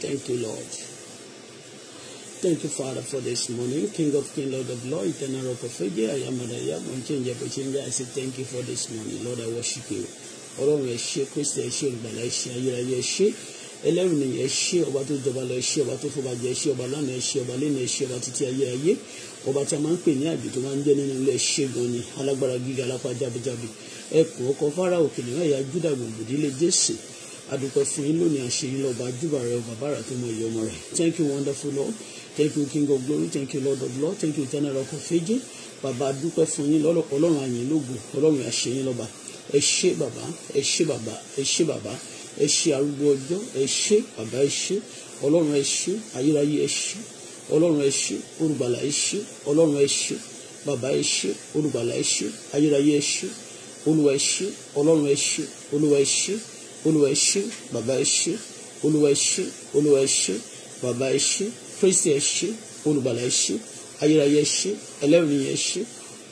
Thank you, Lord. Thank you, Father, for this morning. King of King, Lord of Lord, eternal rock of ages, I am that I am, unchangeable changer. I say thank you for this morning. Lord, I worship you. Ọlọ́run ẹ ṣé Kristi ẹ ṣé olùgbàlà ẹ ṣé ayérayé ẹ ṣé ẹlẹ́rìí nìyẹn ẹ ṣé ọba tó jọba lọ ẹ ṣé ọba tó fọba jẹ ẹ ṣé ọba lánàá ẹ ṣé ọba lẹ́nu ẹ ṣé ọba títí ayérayé ọba tí a máa ń pè ní àbí tó máa ń jẹ́ nínú ilé ṣé gan ni alágbára gíga alápá jábíjábí ẹ kọ́ ọkọ fáráò kìnìún ẹ̀yà Júdà gbòǹgbò délé Jésù adúpẹ́ fún yín lónìí àṣeyín lọ́ba júbà rẹ̀ bàbá rẹ̀ tó mọ iye ọmọ rẹ̀ thank you wonderful lord thank you king of glory thank you lord of lord thank you eternal rock of ages bàbá adúpẹ́ fún yín ọlọ́run àyìn lógo ọlọ́run àṣeyín lọ́ba ẹ ṣé bàbá ẹ ṣé bàbá ẹ ṣé bàbá ẹ ṣé arúgbó ọjọ́ ẹ ṣé bàbá ẹ ṣé ọlọ́run ẹ ṣé ayérayé ẹ ṣé ọlọ́run ẹ ṣé olùgbàlà ẹ ṣé ọlọ́run ẹ ṣé bàbá ẹ ṣé olùgbàlà ẹ ṣé ayérayé ẹ ṣé olúwa ẹ ṣé ọlọ́run ẹ ṣé olúwa ẹ ṣé olúwa ẹ ṣé bàbá ẹ ṣé olúwa ẹ ṣé olúwa ẹ ṣé bàbá ẹ ṣé kírísì ẹ ṣé olùgbàlà ẹ ṣé ayérayé ẹ ṣé ẹlẹ́rìí ẹ ṣé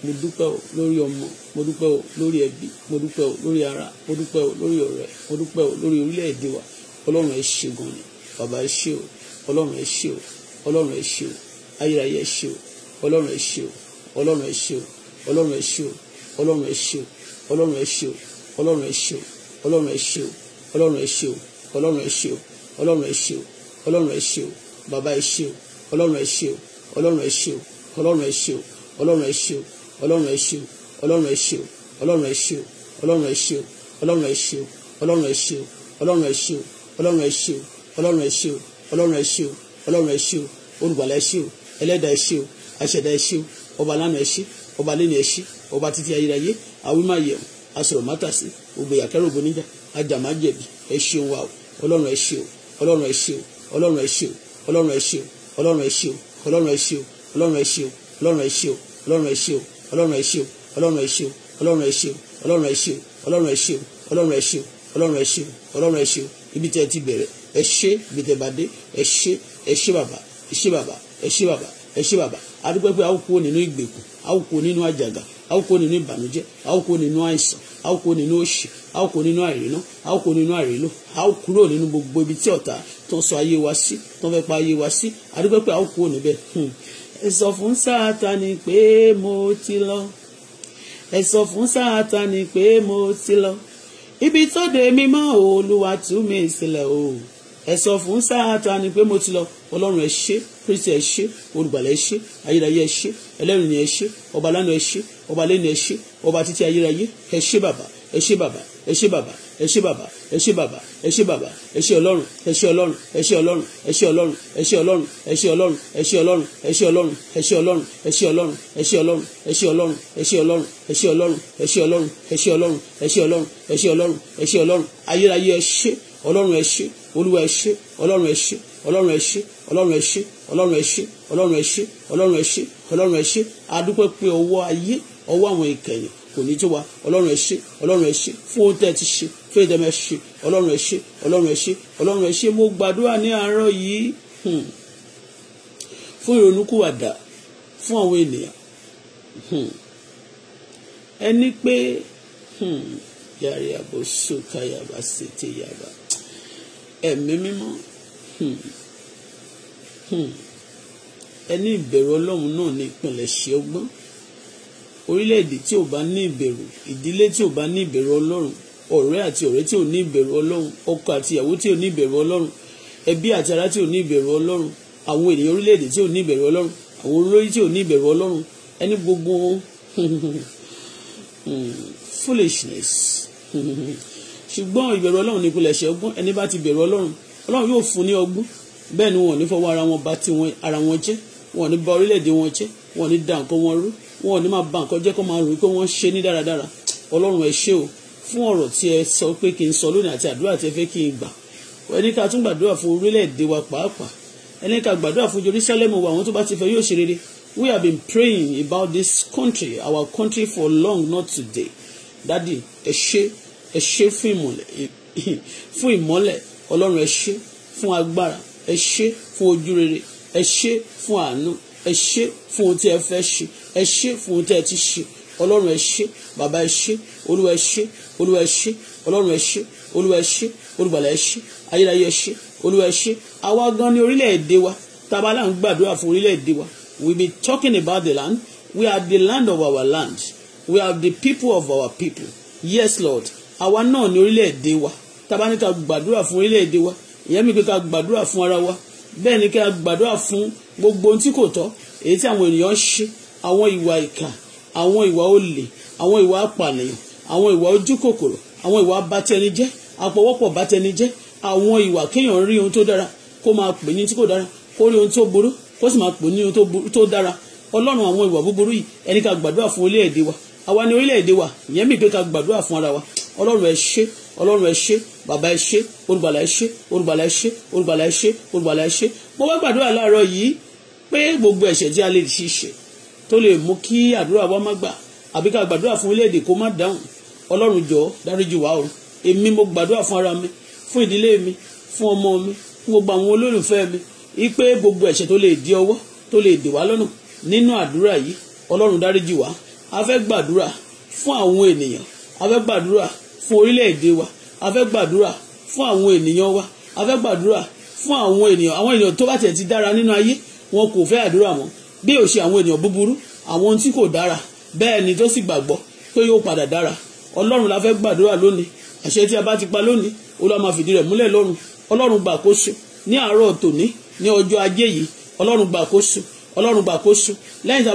mo dúpẹ́ o lórí ọmọ mo dúpẹ́ o lórí ẹbí mo dúpẹ́ o lórí ara mo dúpẹ́ o lórí ọ̀rẹ́ mo dúpẹ́ o lórí orílẹ̀-èdè wa ọlọ́run ẹ ṣé gan ni bàbá ẹ ṣé o ọlọ́run ẹ ṣé o ọlọ́run ẹ ṣé o ayérayé ẹ ṣé o ọlọ́run ẹ ṣé o ọlọ́run ẹ ṣé o ọlọ́run ẹ ṣé o ọlọ́run ẹ ṣé o ọlọ́run ẹ ṣé o ọlọ́run ẹ ṣé o ọlọ́run ẹ ṣé o ọlọ́run ẹ ṣé o ọlọ́run ẹ ṣé o ọlọ́run ẹ ṣé o ọlọ́run ẹ ṣé o bàbá ẹ ṣé o ọlọ́run ẹ ṣé o ọlọ́run ẹ ṣé o ọlọ́run ẹ ṣé o ọlọ́run ẹ ṣé o ọlọ́run ẹ ṣé o ọlọ́run ẹ ṣé o ọlọ́run ẹ ṣé o ọlọ́run ẹ ṣé o ọlọ́run ẹ ṣé o ọlọ́run ẹ ṣé o ọlọ́run ẹ ṣé o ọlọ́run ẹ ṣé o ọlọ́run ẹ ṣé o ọlọ́run ẹ ṣé o ọlọ́run ẹ ṣé o olùgbàlà ẹ ṣé o ẹlẹ́dàá ẹ ṣé o aṣẹ̀dá ẹ ṣé o ọba lánàá ẹ ṣé ọba lẹ́nu ẹ ṣé ọba títí ayérayé àwímáyẹ̀wò asọ̀rọ̀ mátàsí gbogbo ìyàkẹ́rù ògbó níjà ajàmájẹ̀bi ẹ ṣeun wa o ọlọ́run ẹ ṣe o ọlọ́run ẹ ṣe o ọlọ́run ẹ ṣe o ọlọ́run ẹ ṣe o ọlọ́run ẹ ṣe o ọlọ́run ẹ ṣe o ọlọ́run ẹ ṣe o ọlọ́run ẹ ṣe o ọlọ́run ẹ ṣe o ọlọ́run ẹ ṣe o ọlọ́run ẹ ṣe o ọlọ́run ẹ ṣe o ọlọ́run ẹ ṣe o ọlọ́run ẹ ṣe o ọlọ́run ẹ ṣe o ọlọ́run ẹ ṣe o ọlọ́run ẹ ṣe o ibi tẹ́ ti bẹ̀rẹ̀ ẹ ṣe ibi tẹ́ bá dé ẹ ṣe ẹ ṣe bàbá ẹ ṣe bàbá ẹ ṣe bàbá ẹ ṣe bàbá adúpẹ́ pé a nínú ìgbèkùn a nínú àjàgà a ó kó nínú ìbànújẹ́ a ó kó nínú àìsàn a ó kó nínú òṣì a ó kó nínú àìríná a ó kó nínú àìrílò a ó kúrò nínú gbogbo ibi tí ọ̀tá tó ń sọ ayé wa sí tó ń fẹ́ pa ayé wa sí àdúgbò pé a ó kúrò níbẹ̀. Hmm. ẹ sọ fún Sátánì pé mo ti lọ ẹ sọ fún Sátánì pé mo ti lọ ibi tó dè mí mọ́ Olúwa tú mi sílẹ̀ o ẹ sọ fún Sátánì pé mo ti lọ Ọlọ́run ẹ ṣé kristi ẹ ṣé olùgbàlà ẹ ṣé ayérayé ẹ ṣé ẹlẹ́rìn ẹ ṣé ọba lánàá ẹ ṣé ọba lẹ́nu ẹ ṣé ọba títí ayérayé ẹ ṣé bàbá ẹ ṣé bàbá ẹ ṣé bàbá ẹ ṣé bàbá ẹ ṣé bàbá ẹ ṣé bàbá ẹ ṣé ọlọ́run ẹ ṣé ọlọ́run ẹ ṣé ọlọ́run ẹ ṣé ọlọ́run ẹ ṣé ọlọ́run ẹ ṣé ọlọ́run ẹ ṣé ọlọ́run ẹ ṣé ọlọ́run ẹ ṣé ọlọ́run ẹ ṣé ọlọ́run ẹ ṣé ọlọ́run ẹ ṣé ọlọ́run ẹ ṣé ọlọ́run ẹ ṣé ọlọ́run ẹ ṣé ọlọ́run ẹ ṣé ọlọ́run ẹ ṣé ọlọ́run ẹ ṣé ọlọ́run ẹ ṣé ọlọ́run ayérayé ẹ ṣé ọlọ́run ẹ ṣé olúwa ẹ ṣé ọlọ́run ẹ ṣé ọlọ́run ẹ ṣé ọlọ́run ẹ ṣé ọlọ́run ẹ ṣé ọlọ́run ẹ ṣé ọlọ́run ẹ ṣé ọlọ́run ẹ ṣé ọlọ́run ẹ ṣé adúpẹ́ pé ọwọ́ ayé ọwọ́ àwọn ìkẹyìn kò ní jẹ́ wa ọlọ́run ẹ ṣé ọlọ́run ẹ ṣé fún ohun tẹ́ ẹ ti ṣe fún èdè ẹ ṣe ọlọ́run ẹ ṣé ọlọ́run ẹ ṣé ọlọ́run ẹ ṣé mo gbàdúrà ní àárọ̀ yìí hmm, fún ìrònúkúwàdà fún àwọn ènìyàn hmm. ẹni pé hmm, yàrá àbò sókà yàrá ṣètè yàrá ẹ̀mí mímọ́. Hmm. ẹni ìbẹ̀rù ọlọ́run náà ni ìpilẹ̀ṣẹ̀ ọgbọ́n orílẹ̀-èdè tí ò bá ní ìbẹ̀rù ìdílé tí ò bá ní ìbẹ̀rù ọlọ́run ọ̀rẹ́ àti ọ̀rẹ́ tí ò ní ìbẹ̀rù ọlọ́run ọkọ àti ìyàwó tí ò ní ìbẹ̀rù ọlọ́run ẹbí àti ará tí ò ní ìbẹ̀rù ọlọ́run àwọn ènìyàn orílẹ̀-èdè tí ò ní ìbẹ̀rù ọlọ́run àwọn olórí tí ò ní ìbẹ̀rù ọlọ́run ẹni gbogbo hmm. foolishness hmm. ṣùgbọ́n ìbẹ̀rù ọlọ́run ni ìpilẹ̀ṣẹ̀ ọgbọ́n ẹni bá ti bẹ̀rù ọlọ́run ọlọ́run yóò fún ní ọgbọ́n bẹ́ẹ̀ ni wọn ò ní fọwọ́ ara wọn bà ti ara wọn jẹ́ wọn ò ní bà orílẹ̀-èdè wọn jẹ́ wọn ò ní da nǹkan wọn rú wọn ò ní máa bà nǹkan jẹ́ kó máa rò wípé wọ́n ṣe ní dáradára ọlọ́run ẹ ṣé o fún ọ̀rọ̀ tí ẹ sọ pé kí n sọ lónìí àti àdúrà tí ẹ fẹ́ kí n gbà ẹni ká tún gbàdúrà fún orílẹ̀-èdè wa pàápàá ẹni ká gbàdúrà fún Jerusalem wa àwọn tó bá ti fẹ́ yóò ṣe rere we have been praying about this country our country for long not today dadi ẹ ṣé ẹ ṣé fún ìmọ́lẹ̀ fún ìmọ́lẹ̀ ọlọ́run ẹ ṣé fún agbára ẹ ṣé fún ojú rere ẹ ṣé fún àánú ẹ ṣé fún ohun tí ẹ fẹ́ ṣe ẹ ṣé fún ohun tí ẹ ti ṣe ọlọ́run ẹ ṣé bàbá ẹ ṣé olúwa ẹ ṣé olúwa ẹ ṣé ọlọ́run ẹ ṣé olúwa ẹ ṣé olùgbàlà ẹ ṣé ayérayé ẹ ṣé olúwa ẹ ṣé àwa gan ni orílẹ̀-èdè wa tabalà ń gbàdúrà fún orílẹ̀-èdè wa we be talking about the land we are the land of our land we are the people of our people yes lord àwa náà ni orílẹ̀-èdè wa tabaníkà gbàdúrà fún orílẹ̀-èdè wa ìyẹn mi pé ká gbàdúrà fún ara wa bẹ́ẹ̀ ni ká gbàdúrà fún gbogbo ohun tí kò tọ́ èyí tí àwọn ènìyàn ṣe àwọn ìwà ìkà àwọn ìwà olè àwọn ìwà apànìyàn àwọn ìwà ojúkòkòrò àwọn ìwà bátẹnijẹ́ àpọ̀wọ́pọ̀ bátẹnijẹ́ àwọn ìwà kéèyàn rí ohun tó dára kó máa pè ní tí kò dára kó rí ohun tó burú kó sì máa pè ní ohun tó dára ọlọ́run àwọn ìwà búburú yìí ẹni ká gbàdúrà fún orílẹ̀-èdè wa àwa ni orílẹ̀-èdè wa ìyẹn mi pé ká gbàdúrà fún ara wa ọlọ́run ẹ ṣé ọlọ́run ẹ ṣé bàbá ẹ ṣé olùgbàlà ẹ ṣé olùgbàlà ẹ ṣé olùgbàlà ẹ ṣé olùgbàlà ẹ ṣé mo wá gbàdúrà láàárọ̀ yìí pé gbogbo ẹ̀ṣẹ̀ tí a lè ṣiṣẹ́ tó lè mú kí àdúrà wa má gbà àbí ká gbàdúrà fún orílẹ̀-èdè kó má dáhùn ọlọ́run jọ dáríjì wá o èmi mo gbàdúrà fún ara mi fún ìdílé mi fún ọmọ mi fún gbogbo àwọn olólùfẹ́ mi ipe gbogbo ẹ̀ṣẹ̀ tó lè di ọwọ́ tó lè dè wá lọ́nà nínú àdúrà yìí ọlọ́run dáríjì wá a fẹ́ gbàdúrà fún àwọn ènìyàn a fẹ́ gbàdúrà fún orílẹ̀-èdè wa a fẹ́ gbàdúrà fún àwọn ènìyàn wa a fẹ́ gbàdúrà fún àwọn ènìyàn àwọn ènìyàn tó bá tiẹ̀ ti dára nínú ayé wọn kò fẹ́ àdúrà mọ́ bí ò ṣe àwọn ènìyàn búburú àwọn tí kò dára bẹ́ẹ̀ ni tó sì gbàgbọ́ pé yóò padà dára ọlọ́run la fẹ́ gbàdúrà lónìí àṣẹ tí a bá ti pa lónìí olúwa máa fìdí rẹ̀ múlẹ̀ lọ́run ọlọ́run gbàkóso ní àárọ̀ tòní ní ọjọ́ ajé yìí ọlọ́run gbàkóso ọlọ́run gbàkóso lẹ́yìn tí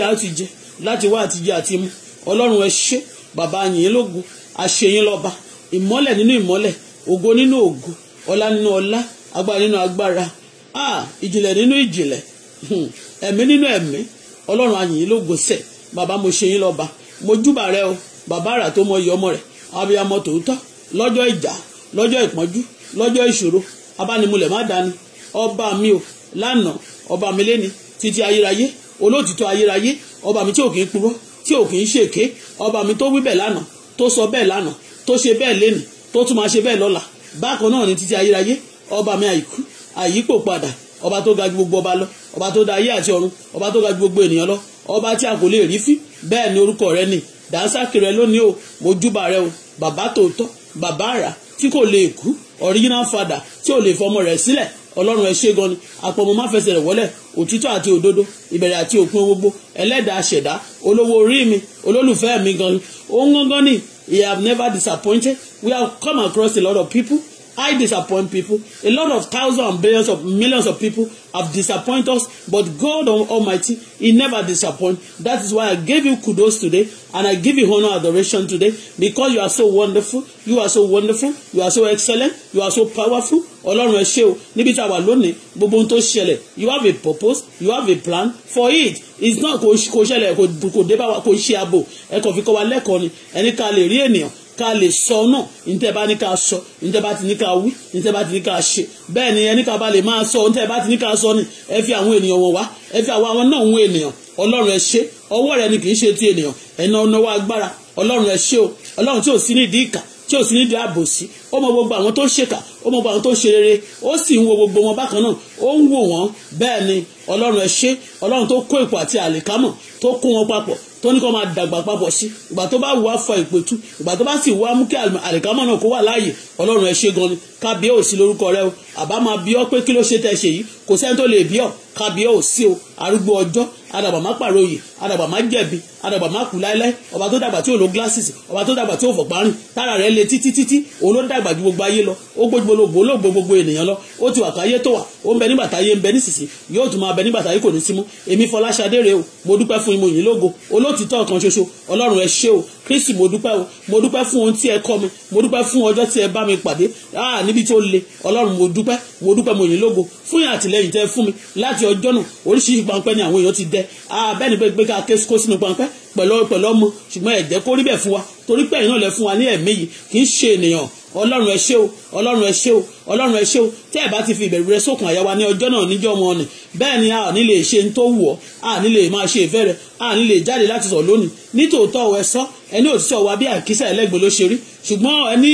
a bá mu ọlọ́run ẹ ṣé bàbá yìnyín lógun àṣeyín lọ́ba ìmọ́lẹ̀ nínú ìmọ́lẹ̀ ògo nínú ògo ọlá nínú ọlá agbára nínú agbára ìjìnlẹ̀ nínú ìjìnlẹ̀ hmm. ẹ̀mí nínú ẹ̀mí ọlọ́run ayìnyín lógun sẹ̀ bàbá mo ṣeyín lọ́ba mo júbà rẹ o bàbá àrà tó mọ iye ọmọ rẹ abiyamọ tòótọ́ lọ́jọ́ ìjà lọ́jọ́ ìpọ́njú lọ́jọ́ ìṣòro abánimulẹ̀ má dání ọba mi o lánàá ọba mi léni títí ayérayé olóòtítọ́ ayérayé ọba mi tí ò kì í purọ́ tí ò kì í ṣèké ọba mi tó wí bẹ́ẹ̀ lánàá tó sọ bẹ́ẹ̀ lánàá tó ṣe bẹ́ẹ̀ lénìí tó tún máa ṣe bẹ́ẹ̀ lọ́la bákan náà ní títí ayérayé ọba mi àyíkú àyíkò padà ọba tó ga ju gbogbo ọba lọ ọba tó da ayé àti ọ̀run ọba tó ga ju gbogbo ènìyàn lọ ọba tí a kò lè rí fí bẹ́ẹ̀ ni orúkọ rẹ ni dàásákì rẹ lónìí o mo júbà rẹ o bàbá tòótọ́ bàbá àrà tí kò lè kú original father tí ò lè fọmọ rẹ̀ sílẹ̀ ọlọ́run ẹ ṣé gan ni àpọ̀mọ́ má fẹsẹ̀ rẹ̀ wọlẹ̀ òtítọ́ àti òdodo ìbẹ̀rẹ̀ àti òpin gbogbo ẹlẹ́dàá ṣẹ̀dá olówó orí mi olólùfẹ́ mi gan ni òun gangan ni he have never disappointed we have come across a lot of people I disappoint people. A lot of thousands and billions of millions of people have disappointed us, but God Almighty, He never disappoints. That is why I gave you kudos today, and I give you honor and adoration today, because you are so wonderful, you are so wonderful, you are so excellent, you are so powerful. Ọlọ́run ẹ ṣé o níbi tá a wà lónìí gbogbo ohun tó ṣẹlẹ̀ you have a purpose you have a plan for it it's not kò ṣẹlẹ̀ kò dé bá wa kò ṣe àbò ẹ kàn fi kọ́ wa lẹ́kọ̀ọ́ ni ẹni ká lè rí ènìyàn ká lè sọ náà níta bá ní ká sọ níta bá ti ní ká wí níta bá ti ní ká ṣe bẹ́ẹ̀ ni ẹni ká bá lè máa sọ níta bá ti ní ká sọ ni ẹ fi àwọn ènìyàn wọn wá ẹ fi àwọn náà wọn ènìyàn ọlọ́run ẹ ṣe ọwọ́ rẹ ni kì í ṣe ti ènìyàn ẹ̀nà ọ̀nàwó agbára ọlọ́run ẹ ṣe o ọlọ́run tí ò sí nídìí ìkà tí ò sí nídìí àbòsí ó mọ gbogbo àwọn tó ṣèkà ó mọ gbogbo àwọn tó ṣe rere ó sì ń wo tó ní kó máa dàgbà papọ̀ sí ìgbà tó bá wù á fọ ìpètú ìgbà tó bá sì wù á mú kí àlìkámọ́ náà kó wà láàyè ọlọ́run ẹ ṣé gan ni ká bí ó sí lórúkọ rẹ o àbá máa bí ọ pé kí ló ṣe tẹ ṣe yìí kò sẹ́ni tó lè bí ọ kábíọ́ òsì o arúgbó ọjọ́ adàgbà má pàròyè adàgbà má jẹ̀bi adàgbà má kú láéláé ọba tó dàgbà tí ò lo glasses ọba tó dàgbà tí ò fọ̀pá rìn tára rẹ̀ le títí títí òun ló ń dàgbà ju gbogbo ayé lọ ó gbójúmọ́ ló gbòó ló gbó gbogbo ènìyàn lọ ó ti wà káyé tó wà ó ń bẹ nígbà táyé ń bẹ nísinsìn yóò tún máa bẹ nígbà táyé kò ní símú èmi Fọláṣadé rèé o mo dúpẹ́ fún imú yìí lógo olótìtọ́ kan ṣoṣo Ọlọ́run ẹ ṣé o Kristi mo dúpẹ́ o mo dúpẹ́ fún ohun tí ẹ kọ́ mi mo dúpẹ́ fún ọjọ́ tí ẹ bá mi pàdé ah, níbi tó le Ọlọ́run mo dúpẹ́ mo dúpẹ́ mo yìn lógo fún ìyàn àtìlẹ́yìn fún mi láti láti ọjọ́ náà oríṣiríṣi pańpẹ́ ni àwọn èèyàn ti dẹ abẹ́ ni pé ká ké kó sínú pańpẹ́ pẹ̀lú pẹ̀lú ọmọ ṣùgbọ́n ẹ̀jẹ̀ kó rí bẹ̀ fún wa torí pé ẹ̀yin náà lẹ fún wa ní ẹ̀mí yìí kì í ṣe ènìyàn ọlọ́run ẹ ṣé o ọlọ́run ẹ ṣé o ọlọ́run ẹ ṣé o tẹ́ ẹ bá ti fi ìbẹ̀rù rẹ sókun àyà wa ní ọjọ́ náà níjọ́ ọmọ ọ̀nì bẹ́ẹ̀ ni a ò ní lè ṣe ń tó wù ọ́ a ò ní lè máa ṣe ìfẹ́ rẹ a ò ní lè jáde láti sọ lónìí nítòótọ́ ẹ sọ ẹni òtítọ́ wa bí àkísà ẹlẹ́gbẹ̀ẹ́ ló ṣe rí ṣùgbọ́n ẹni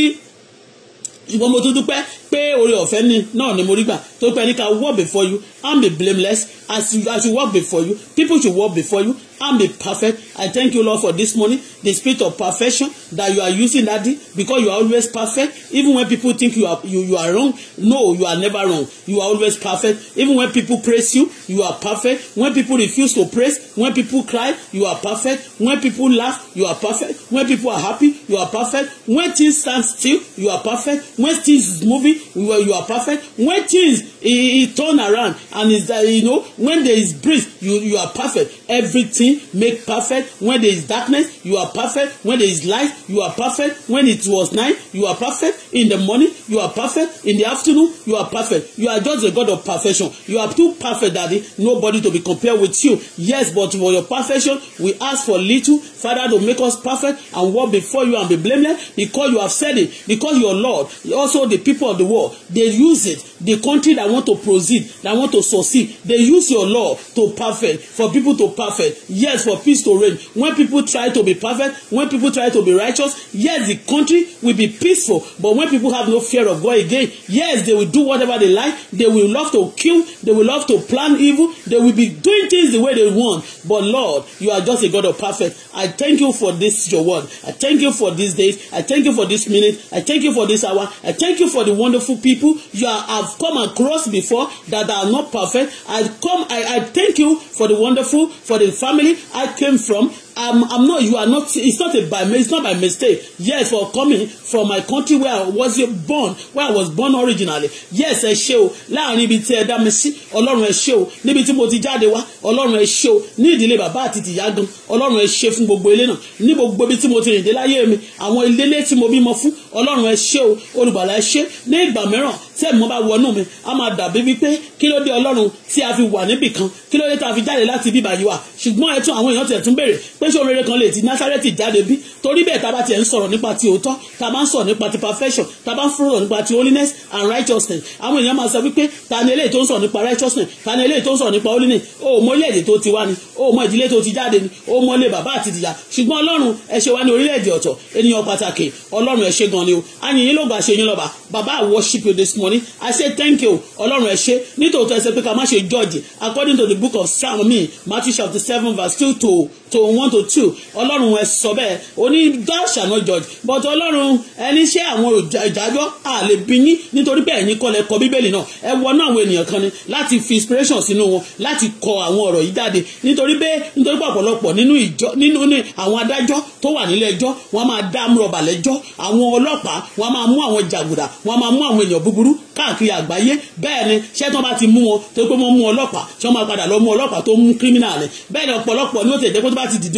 ṣùgbọ́n mo tún dúpẹ́ pé oore ọ̀fẹ́ ni náà ni mo rí gbà tó pẹ́ ní ká walk before you I'm be blameless as you as you walk before you people should walk before you I'm a perfect. I thank you, Lord, for this morning, the spirit of perfection that you are using, Daddy, because you are always perfect. Even when people think you are you, you are wrong, no, you are never wrong. You are always perfect. Even when people praise you, you are perfect. When people refuse to praise, when people cry, you are perfect. When people laugh, you are perfect. When people are happy, you are perfect. When things stand still, you are perfect. When things is moving, you are, you are perfect. When things he, he turn around and is that you know when there is breeze you you are perfect everything make perfect when there is darkness you are perfect when there is light you are perfect when it was night you are perfect in the morning you are perfect in the afternoon you are perfect you are just a God of perfection you are too perfect daddy nobody to be compared with you yes but for your perfection we ask for little Father to make us perfect and walk before you and be blameless because you have said it because your Lord also the people of the world they use it the country that that want to proceed that want to succeed they use your law to perfect for people to perfect yes for peace to reign when people try to be perfect when people try to be righteous yes the country will be peaceful but when people have no fear of God again yes they will do whatever they like they will love to kill they will love to plan evil they will be doing things the way they want but Lord you are just a God of perfect I thank you for this your word I thank you for these days I thank you for this minute I thank you for this hour I thank you for the wonderful people you are, have come across us before that are not perfect. I come, I, I thank you for the wonderful, for the family I came from. I'm, I'm not, you are not, it's not a by, it's not by mistake. Yes, for coming from my country where I was born, where I was born originally. Yes, ẹ ṣé o, láàrin ibi tí ẹ dá mi sí, ọlọ́run ẹ ṣé o, níbi tí mo ti jáde wá, ọlọ́run ẹ ṣé o, ní ìdílé bàbá àti tìyá gan, ọlọ́run ẹ ṣé fún gbogbo ilé náà, ní gbogbo ibi tí mo ti rìn dé láyé mi, àwọn ilé tí mo bímọ fún, ọlọ́run ẹ ṣé o, olùgbàlà ẹ ṣé, ní ìgbà mìíràn tí ẹ̀mọ́ bá wọnú mi a máa dàbí wípé kí ló dé ọlọ́run tí a fi wà níbì kí ló dé tá a fi jáde láti bíbá yìí wà ṣùgbọ́n ẹ tún àwọn èèyàn tiẹ̀ tún béèrè pé pé ṣé olóore kan lè ti násárẹ́tì jáde bí torí bẹ́ẹ̀ tá a bá tiẹ̀ ń sọ̀rọ̀ nípa ti òótọ́ tá a bá ń sọ̀rọ̀ nípa ti perfection tá a bá ń sọ̀rọ̀ nípa ti holiness and righteousness àwọn èèyàn máa sọ wípé ta ni eléyìí tó ń sọ̀rọ̀ nípa righteousness ta ni eléyìí tó ń sọ̀rọ̀ nípa holiness o mọ orílẹ̀-èdè tó ti wá ni o mọ ìdílé tó ti jáde ni o mọ ilé bàbá àti ìyá ṣùgbọ́n ọlọ́run ẹ ṣe wá ní orílẹ̀-èdè ọ̀tọ̀ ènìyàn pàtàkì ọlọ́run ẹ ṣe gan ni o ayìnyín ló gbà ṣe yín lọ́ba bàbá I worship you this morning I say thank you ọlọ́run ẹ ṣe nítòótọ́ ẹ ṣe pé ká má ṣe judge according to the book of Psalm mi Matthew chapter seven verse two to to one one to two ọlọ́run ẹ sọ bẹ́ẹ̀ ó ní thou shall not judge but ọlọ́run ẹni ṣé àwọn ìdájọ́ à lè bí yín nítorí bẹ́ẹ̀ ní kọ́lẹ̀ kọ bíbélì náà ẹ wọnú àwọn ènìyàn kan ni láti fi inspiration sínú wọn láti kọ àwọn ọ̀rọ̀ yìí jáde nítorí bẹ́ẹ̀ nítorí pọ̀pọ̀lọpọ̀ nínú ìjọ nínú àwọn adájọ́ tó wà nílé ẹjọ́ wọ́n máa dá amúrọ̀bà lẹ́jọ́ àwọn ọlọ́pàá wọ́n máa mú àwọn jàgùdà wọ́n máa mú àwọn èèyàn búburú káàkiri àgbáyé bẹ́ẹ̀ ni ṣé tó bá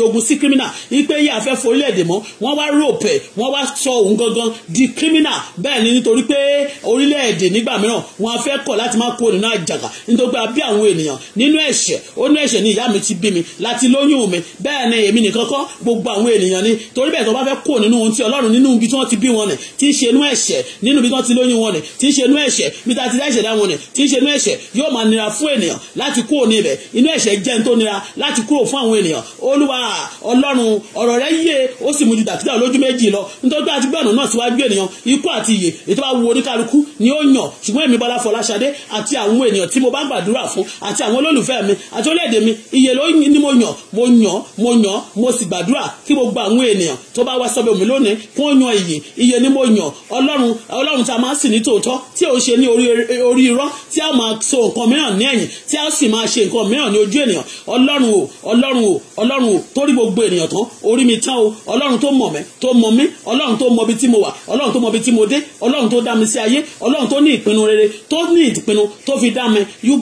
dogun sí criminal ipe yìí àfẹ́ forílẹ̀-èdè mọ́ wọ́n wá ròpẹ̀ wọ́n wá sọ òun gangan di criminal bẹ́ẹ̀ ni nítorí pé orílẹ̀-èdè nígbà mìíràn wọ́n afẹ́ kọ̀ láti má kó nínú àjàgà nítorí pé a bí àwọn ènìyàn nínú ẹ̀ṣẹ̀ ó ní ẹ̀ṣẹ̀ ni ìyá mi ti bí mi láti lóyún mi bẹ́ẹ̀ ni èmi nìkan kọ́ gbogbo àwọn ènìyàn ni torí bẹ́ẹ̀ tó bá fẹ́ kó nínú ohun tí ọlọ́run nínú ibi tí wọ́n ti bí wọn ni tí ń ṣe inú ẹ̀ṣẹ̀ nínú ibi tí wọ́n ti lóyún wọn nì tí ń ṣe inú ẹ̀ṣẹ̀ ọlọ́run ọ̀rọ̀ rẹ yé ó sì mójú ju dàkídà lójú méjì lọ nítorí pé àti gbé ọ̀nà náà síwájú ènìyàn ikú àti ìyè ètò bá wu oníkálukú ni ó yàn ṣùgbọ́n èmi bọ́lá fọláṣadé àti àwọn ènìyàn tí mo bá gbàdúrà fún àti àwọn olólùfẹ́ mi àti orílẹ̀-èdè mi iye ló ní mo yàn mo yàn mo yàn mo sì gbàdúrà kí gbogbo àwọn ènìyàn tó bá wá sọ́bẹ̀ mi lónìí kó yan iye iye ni mo yàn ọlọ́run ọlọ́run tá a máa ń sìn ní tòótọ́ tí ò ń ṣe ní orí irọ́ tí a máa so nǹkan mìíràn ní ẹ̀yìn tí a sì máa ṣe nǹkan mìíràn ní ojú torí gbogbo ènìyàn tó orí mi tán o ọlọ́run tó mọ̀ mí tó mọ̀ mí ọlọ́run tó mọ̀ bí tí mo wà ọlọ́run tó mọ̀ bí tí mo dé ọlọ́run tó dá mi sí ayé ọlọ́run tó ní ìpinnu rere tó ní ìpinnu tó fi dá mi you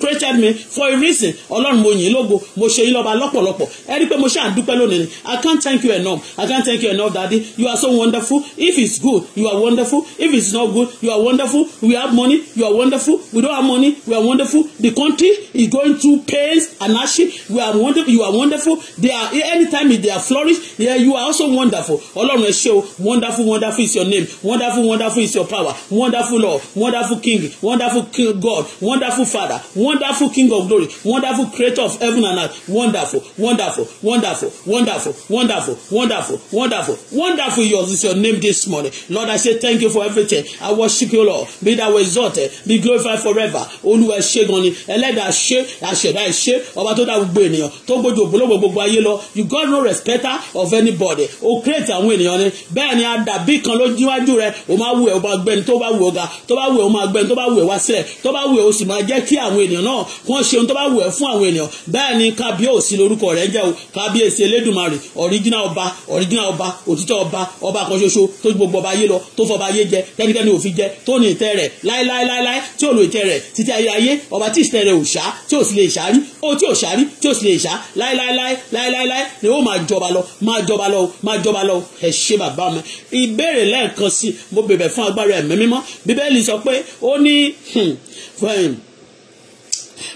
created me for a reason ọlọ́run mo yìn lógo mo ṣe yín lọ́ba lọ́pọ̀lọpọ̀ ẹ rí i pé mo ṣe àdúpẹ́ lónìí ni I can't thank you enough I can't thank you enough daddy you are so wonderful if it's good you are wonderful if it's not good you are wonderful we have money you are wonderful we don't have money we are wonderful the country is going through pains and hardship we are wonderful you are wonderful they are anytime they are flourish yeah, you are also wonderful ọlọ́run ẹ ṣé o wonderful wonderful is your name wonderful wonderful is your power wonderful lord wonderful king wonderful king god wonderful father wonderful king of glory wonderful creator of heaven and earth wonderful wonderful wonderful wonderful wonderful wonderful wonderful wonderful yours is your name this morning lord i say thank you for everything i worship you lord be thou exalted be glorified forever olúwa ẹ ṣé gan ni ẹlẹ́dàá ṣe àṣẹ̀dá ẹ ṣé ọba tó dá gbogbo ènìyàn tó gbójú ògbólógbò gbogbo ayé ayé lọ you got no respecter of anybody o create àwọn ènìyàn ni bẹ́ẹ̀ ni àdàbí kan ló jíwájú rẹ o máa wù ẹ́ o máa gbẹ́ni tó bá wù ẹ́ ga tó bá wù ẹ́ o máa gbẹ́ni tó bá wù ẹ́ wá sílẹ̀ tó bá wù ẹ́ o sì máa jẹ́ kí àwọn ènìyàn náà wọ́n ṣe ohun tó bá wù ẹ́ fún àwọn ènìyàn bẹ́ẹ̀ ni kábíyèsí lórúkọ rẹ̀ jẹ́ o kábíyèsí elédùnmarè original ọba original ọba òtítọ́ ọba ọba kan ṣoṣo tó gbogbo ọba ayé lọ tó fọba ayé jẹ tẹ́nikẹ́ni ò fi jẹ tó ní ìtẹ́ rẹ̀ láéláéláé tí ò lo ìtẹ́ rẹ̀ títí ayé ayé ọba tí ìtẹ́ rẹ̀ ò ṣá láéláéláé ni ó máa jọba lọ máa jọba lọ máa jọba lọ ẹ ṣe bàbá mi ìbéèrè lẹ́ẹ̀kan sí mo bẹ̀bẹ̀ fún agbára ẹ̀mí mímọ́ bíbélì sọ pé ó ní hmm,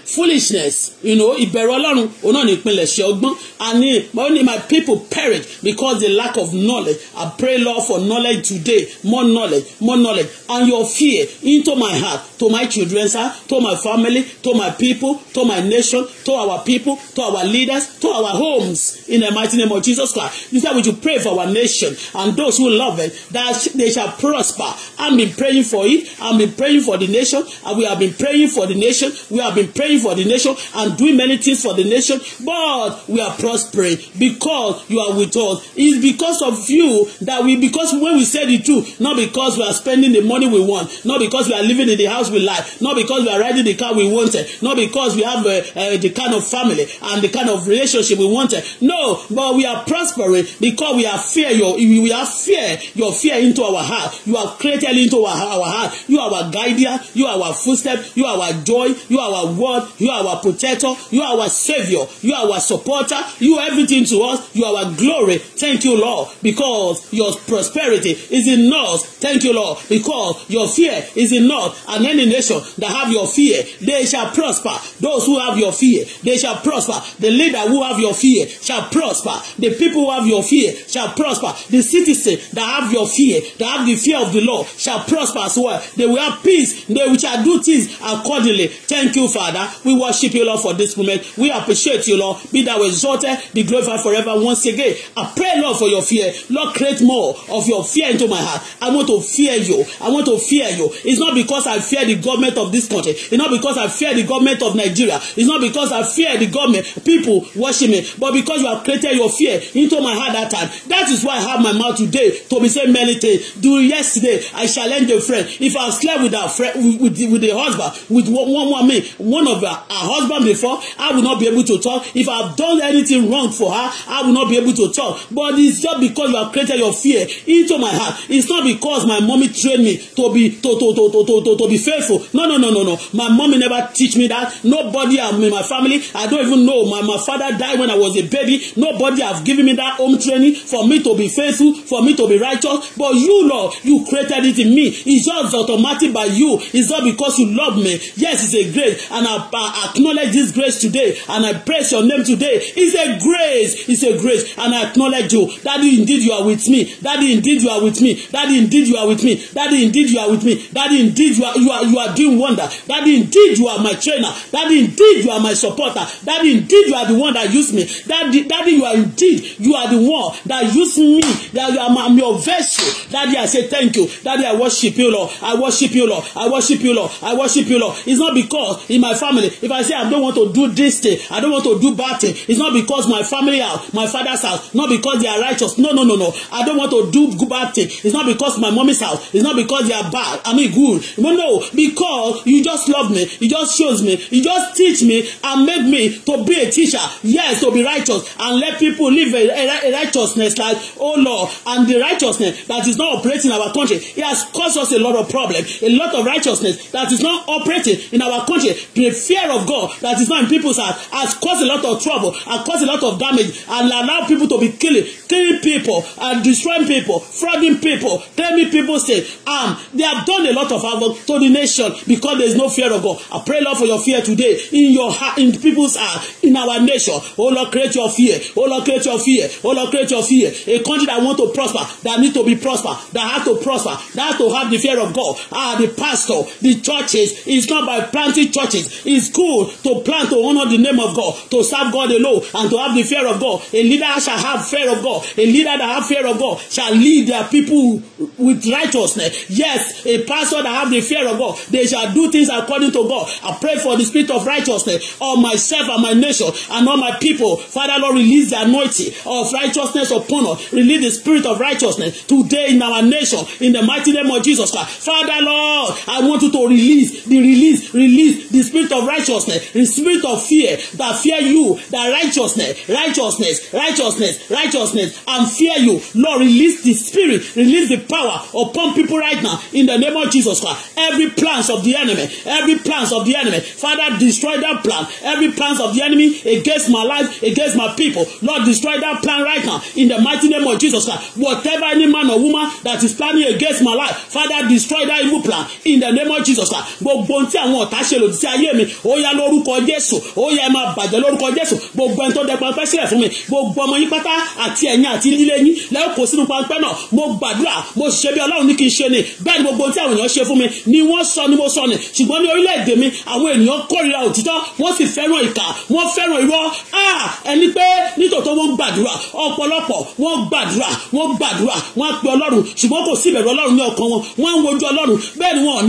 foolishness you know ìbẹ̀rù ọlọ́run òun náà ní ìpilẹ̀ṣẹ̀ ọgbọ́n and only my people perish because the lack of knowledge I pray Lord for knowledge today more knowledge more knowledge and your fear into my heart to my children, sir, to my family to my people to my nation to our people to our leaders to our homes in the mighty name of Jesus Christ this time we should pray for our nation and those who love it that they shall prosper I've been praying for it I've been praying for the nation and we have been praying for the nation we have been praying fighting for the nation and doing many things for the nation, but we are prospering because you are with us. It's because of you that we, because when we say the truth, not because we are spending the money we want, not because we are living in the house we like, not because we are riding the car we wanted, not because we have uh, uh, the kind of family and the kind of relationship we wanted. No, but we are prospering because we are fear your we have fear your fear into our heart. You have created into our, our heart. You are our guide, you are our footstep, you are our joy, you are our word, You are our protector. You are our savior. You are our supporter. You are everything to us. You are our glory. Thank you, Lord, because your prosperity is in us. Thank you, Lord, because your fear is in us. And any nation that have your fear, they shall prosper. Those who have your fear, they shall prosper. The leader who have your fear shall prosper. The people who have your fear shall prosper. The citizen that have your fear, that have the fear of the law, shall prosper as well. They will have peace. They will shall do things accordingly. Thank you, Father. We worship you, Lord, for this moment. We appreciate you, Lord. Be thou exalted, be glorified forever once again. I pray, Lord, for your fear. Lord, create more of your fear into my heart. I want to fear you. I want to fear you. It's not because I fear the government of this country. It's not because I fear the government of Nigeria. It's not because I fear the government, people worship me, but because you have created your fear into my heart that time. That is why I have my mouth today to be saying many things. Do yesterday, I challenge a friend. If I slept with a friend, with, with, with the husband, with one, woman, one, one of her husband before, I will not be able to talk. If I have done anything wrong for her, I will not be able to talk. But it's just because you have created your fear into my heart. It's not because my mommy trained me to be to to to to to to, to be faithful. No, no, no, no, no. My mommy never teach me that. Nobody in my family. I don't even know. My my father died when I was a baby. Nobody have given me that home training for me to be faithful, for me to be righteous. But you, Lord, you created it in me. It's just automatic by you. It's not because you love me. Yes, it's a grace, and I I acknowledge this grace today and I praise your name today. It's a grace. It's a grace. And I acknowledge you. Daddy, indeed you are with me. Daddy, indeed you are with me. Daddy, indeed you are with me. Daddy, indeed you are with me. Daddy, indeed you are, you are, you are doing wonder. Daddy, indeed you are my trainer. Daddy, indeed you are my supporter. Daddy, indeed you are the one that used me. Daddy, daddy you are indeed, you are the one that used me. That you are my, I'm your vessel. Daddy, I say thank you. Daddy, I worship you, Lord. I worship you, Lord. I worship you, Lord. I worship you, Lord. It's not because in my family, If I say I don't want to do this thing, I don't want to do bad thing, it's not because my family house, my father's house, not because they are righteous. No, no, no, no. I don't want to do good bad thing. It's not because my mommy's house. It's not because they are bad. I mean good. No, no. Because you just love me. You just chose me. You just teach me and make me to be a teacher. Yes, to be righteous and let people live a, a, a righteousness like oh Lord and the righteousness that is not operating in our country. It has caused us a lot of problems, a lot of righteousness that is not operating in our country. The fear of God that is not in people's heart has caused a lot of trouble and caused a lot of damage and allow people to be killing killing people and destroying people frauding people claiming people say um they have done a lot of havoc to the nation because there is no fear of God I pray Lord for your fear today in your heart in people's heart in our nation oh Lord create your fear oh Lord create your fear oh Lord create your fear a country that want to prosper that need to be prosper that have to prosper that have to have the fear of God ah the pastor the churches it's not by planting churches it's is good to plan to honor the name of God, to serve God alone, and to have the fear of God. A leader shall have fear of God. A leader that have fear of God shall lead their people with righteousness. Yes, a pastor that have the fear of God, they shall do things according to God. I pray for the spirit of righteousness on myself and my nation and all my people. Father, Lord, release the anointing of righteousness upon us. Release the spirit of righteousness today in our nation, in the mighty name of Jesus Christ. Father, Lord, I want you to release the release, release the spirit of righteousness, the spirit of fear that fear you, that righteousness, righteousness, righteousness, righteousness, and fear you. Lord, release the spirit, release the power upon people right now in the name of Jesus Christ. Every plans of the enemy, every plans of the enemy, Father, destroy that plan. Every plans of the enemy against my life, against my people, Lord, destroy that plan right now in the mighty name of Jesus Christ. Whatever any man or woman that is planning against my life, Father, destroy that evil plan in the name of Jesus Christ. Gbogbo ohun tí àwọn ọ̀tá ṣe lòdì sí ayé mi ó yá lórúkọ jésù ó yá ẹ máa bàjẹ́ lórúkọ jésù gbogbo ẹni tó dẹ pańpẹ́ sílẹ̀ fún mi gbogbo ọmọ yín pátá àti ẹ̀yin àti líle yín lẹ́yìn kò sínú pańpẹ́ náà mo gbàdúrà mo ṣiṣẹ́ bí ọlọ́run ní kí n ṣe ni bẹ́ẹ̀ ni gbogbo ohun tí àwọn èèyàn ṣe fún mi ni wọ́n sọ ni mo sọ ni ṣùgbọ́n ní orílẹ̀-èdè mi àwọn ènìyàn kórìíra òtítọ́ wọ́n sì fẹ́ràn ìkà wọ́n fẹ́ràn irọ́ ẹni pé nítòótọ́ wọ́n gbàdúrà ọ̀pọ̀lọpọ̀ wọ́n gbàdúrà wọ́n gbàdúrà wọ́n á pe ọlọ́run ṣùgbọ́n kò sí ìbẹ̀rù ọlọ́run ní ọkàn wọn wọ́n á wojú ọlọ́run bẹ́ẹ̀ ni wọ́n ò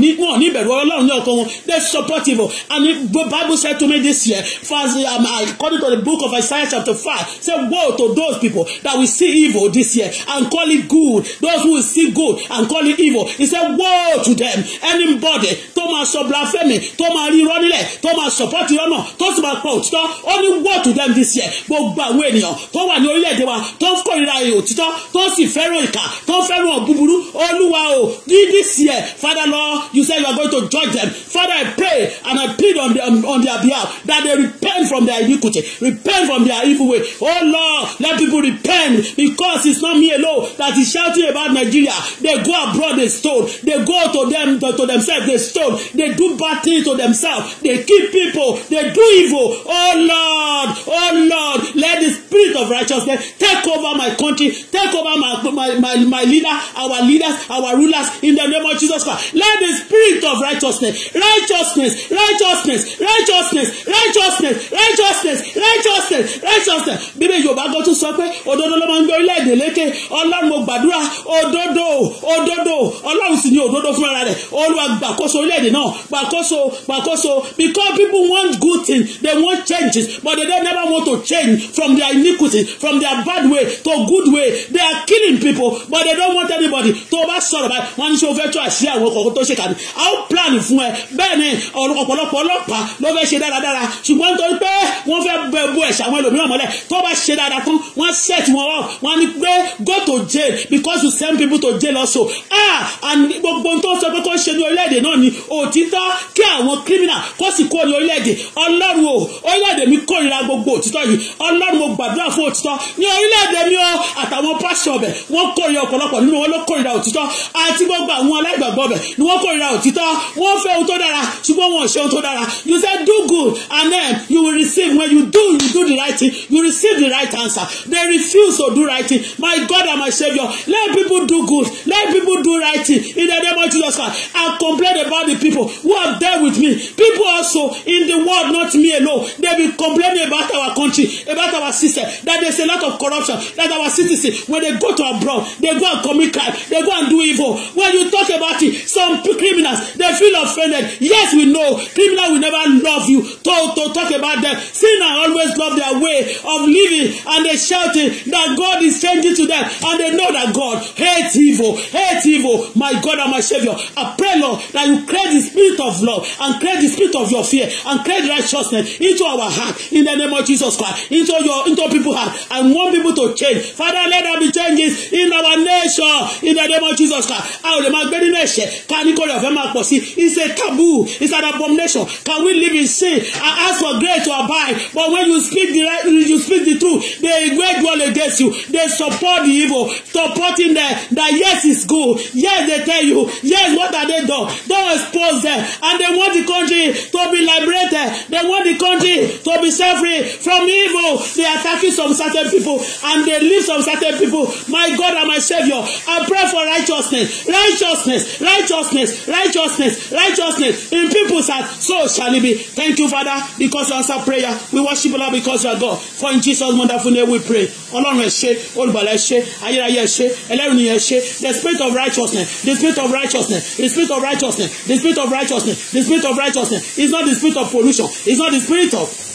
ní ìbẹ̀rù ọlọ́run ní ọkàn wọn they support evil. And the Bible said to me this year, first, um, according to the book of Isaiah chapter 5, say, woe to those people that will see evil this year and call it good. Those who will see good and call it evil. He said, woe to them. Anybody, Thomas, máa sọ blasphemy, Thomas, máa rí irọ́ nílẹ̀, tó support you. náà, tó sì máa pa woe to them this year. Gbogbo àwọn ènìyàn tó wà ní orílẹ̀-èdè wa, tó ń kórìíra òtítọ́, tó sì fẹ́ràn ìkà, tó fẹ́ràn búburú, Olúwa o, ní this year, Father Lord, you say you are going to judge them. Father, I pray pray and I plead on, the, on, on their behalf that they repent from their iniquity, repent from their evil way. Oh Lord, let people repent because it's not me alone that is shouting about Nigeria. They go abroad, they stone. They go to them to, to themselves, they stone. They do bad things to themselves. They kill people. They do evil. Oh Lord, oh Lord, let the spirit of righteousness take over my country, take over my my my, my leader, our leaders, our rulers in the name of Jesus Christ. Let the spirit of righteousness, righteousness righteousness righteousness righteousness righteousness righteousness righteousness righteousness bíbí yorùbá gan tún sọ pé òdodo ló máa ń gbé orílẹ̀-èdè lékè ọlọ́run mo gbàdúrà òdodo òdodo ọlọ́run sì ni òdodo fúnra rẹ̀ olúwa gbàkóso orílẹ̀-èdè náà gbàkóso gbàkóso because people want good things they want changes but they don't never want to change from their iniquity from their bad way to good way they are killing people but they don't want anybody tó o bá sọ̀rọ̀ báyìí wọ́n ní sọ fẹ́ tó àṣírí àwọn ọkọ̀ tó ṣe kàní a plan fún ẹ bẹ́ẹ̀ ni ọ̀pọ̀lọpọ̀ ọlọ́pàá ló fẹ́ ṣe dáradára ṣùgbọ́n nítorí pé wọ́n fẹ́ bẹ bu ẹ̀ṣẹ̀ àwọn ẹlòmíràn mọ́lẹ̀ tó bá ṣe dáadáa tán wọ́n set wọn up wọ́n ní pé go to jail because you send people to jail also ah and gbogbo tó sọ pé kó ṣe ní orílẹ̀-èdè náà ni òtítọ́ kí àwọn criminal kó sì kó ní orílẹ̀-èdè ọlọ́run o orílẹ̀-èdè mi kórìíra gbogbo òtítọ́ yìí ọlọ́run mo gbàdúrà fún òtítọ́ ní orílẹ̀-èdè mi o àtàwọn pásítọ̀ bẹ̀ wọ́n kórìíra ọ̀pọ̀lọpọ̀ nínú wọn ló kórìíra òtítọ́ àti gbogbo àwọn aláìgbàgbọ́ bẹ̀ ni wọ́n kórìíra òtítọ́ wọ́n fẹ́ ohun tó dára ṣ ṣùgbọ́n wọn ṣe ohun tó dára you say do good and then you will receive when you do you do the right thing you receive the right answer they refuse to do right thing my God and my saviour let people do good let people do right thing in the name of Jesus Christ I complain about the people who are there with me people also in the world not me alone they be complaining about our country about our system that there is a lot of corruption that our citizens when they go to abroad they go and commit crime they go and do evil when you talk about it some criminals they feel offended yes we you know criminal will never love you to to talk about them sinner always love their way of living and they shouting that God is changing to them and they know that God hates evil hates evil my God and my Savior I pray Lord that you create the spirit of love and create the spirit of your fear and create righteousness into our heart in the name of Jesus Christ into your into people's heart and want people to change Father let there be changes in our nation in the name of Jesus Christ a ò lè máa gbé nínú ẹ̀ṣẹ̀ ká ní kórè ọ̀fẹ́ máa pọ̀ sí i it's a taboo is an abomination. Can we live in sin and ask for grace to abide? But when you speak the right, you speak the truth, they wage war against you. They support the evil, supporting them that yes is good. Yes, they tell you. Yes, what are they done? Don't expose them. And they want the country to be liberated. They want the country to be set free from evil. They are attacking some certain people and they leave some certain people. My God and my Savior, I pray for righteousness, righteousness, righteousness, righteousness, righteousness in people people shall so shall it be. Thank you, Father, because you answer prayer. We worship you, because you are God. For in Jesus' wonderful name we pray. Ọlọ́run ẹ ṣé, olùgbàlà ẹ ṣé, ayérayé ẹ ṣé, ẹlẹ́rìí ẹ The spirit of righteousness, the spirit of righteousness, the spirit of righteousness, the spirit of righteousness, the spirit of righteousness. is not the spirit of pollution. It's not the spirit of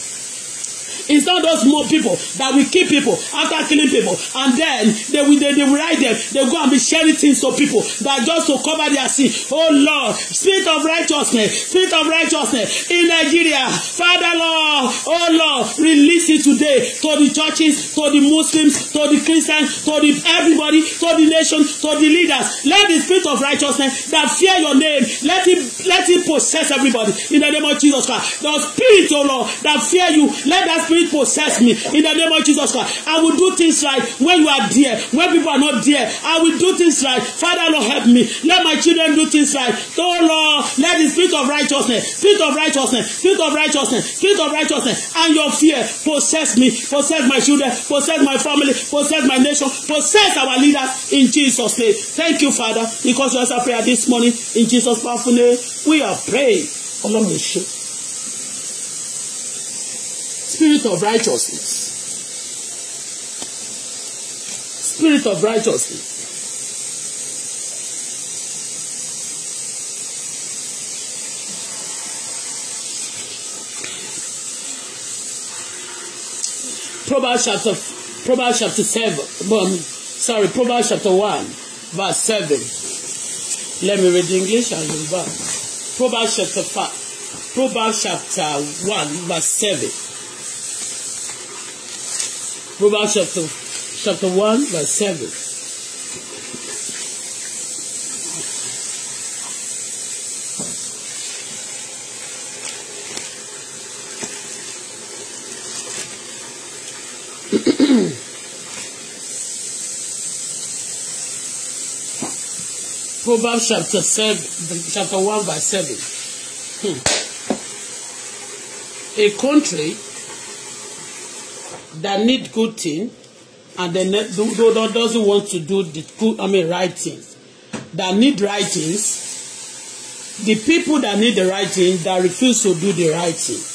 It's not those more people that will kill people after killing people. And then they will, they, they will write them. They go and be sharing things to people that just to cover their sin. Oh Lord, spirit of righteousness, spirit of righteousness in Nigeria. Father Lord, oh Lord, release it today to the churches, to the Muslims, to the Christians, to the everybody, to the nation, to the leaders. Let the spirit of righteousness that fear your name, let it let it possess everybody in the name of Jesus Christ. The spirit, oh Lord, that fear you, let that spirit spirit possess me in the name of Jesus Christ. I will do things right when you are there, when people are not there. I will do things right. Father, Lord, help me. Let my children do things right. Oh Lord, let the spirit of righteousness, spirit of righteousness, spirit of righteousness, spirit of righteousness, and your fear possess me, possess my children, possess my family, possess my nation, possess our leaders in Jesus' name. Thank you, Father, because you answered prayer this morning in Jesus' powerful name. We are praying. Ọlọ́run ṣe spirit of righteousness spirit of righteousness. Proverbs chapter Proverbs chapter seven. Um, sorry, Proverbs chapter one, verse seven. Let me read English and read back. Proverbs chapter five. Proverbs chapter one, verse seven. Proverbs chapter, chapter 1, verse 7. Proverbs chapter seven, chapter one by seven. Hmm. A country that need good thing and then those that doesn't want to do the good, I mean right things, that need right things, the people that need the right thing that refuse to do the right thing.